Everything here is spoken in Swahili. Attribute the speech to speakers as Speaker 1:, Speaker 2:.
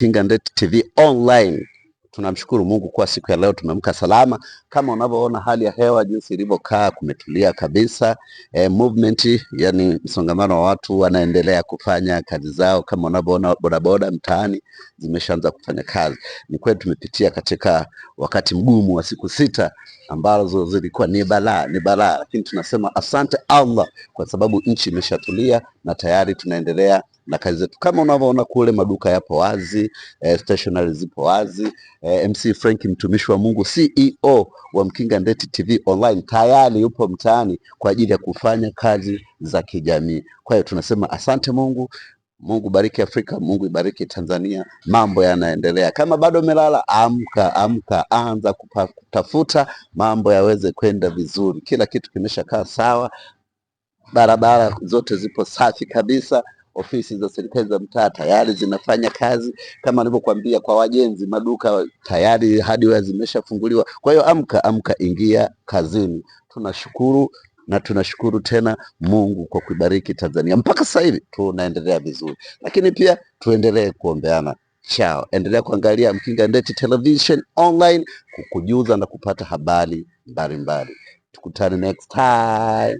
Speaker 1: Kinga TV online. Tunamshukuru Mungu kwa siku ya leo tumeamka salama. Kama unavyoona hali ya hewa jinsi ilivyokaa, kumetulia kabisa. E, movement yani msongamano wa watu wanaendelea kufanya kazi zao. Kama unavyoona bodaboda mtaani zimeshaanza kufanya kazi. Ni kweli tumepitia katika wakati mgumu wa siku sita ambazo zilikuwa ni balaa, ni balaa, lakini tunasema asante Allah kwa sababu nchi imeshatulia na tayari tunaendelea na kazi zetu. Kama unavyoona kule, maduka yapo wazi eh, stationery zipo wazi eh, MC Frank mtumishi wa Mungu CEO wa Mkinga Ndeti TV Online tayari yupo mtaani kwa ajili ya kufanya kazi za kijamii. Kwa hiyo tunasema asante Mungu. Mungu bariki Afrika, Mungu ibariki Tanzania. Mambo yanaendelea. Kama bado umelala, amka, amka, anza kutafuta mambo yaweze kwenda vizuri. Kila kitu kimeshakaa sawa, barabara zote zipo safi kabisa. Ofisi za serikali za mtaa tayari zinafanya kazi kama nilivyokuambia, kwa wajenzi maduka tayari hadi zimeshafunguliwa. Kwa hiyo amka, amka, ingia kazini. Tunashukuru na tunashukuru tena Mungu kwa kuibariki Tanzania mpaka sasa hivi tunaendelea vizuri, lakini pia tuendelee kuombeana chao. Endelea kuangalia Mkinga Ndeti Television online kukujuza na kupata habari mbalimbali. Tukutane next time.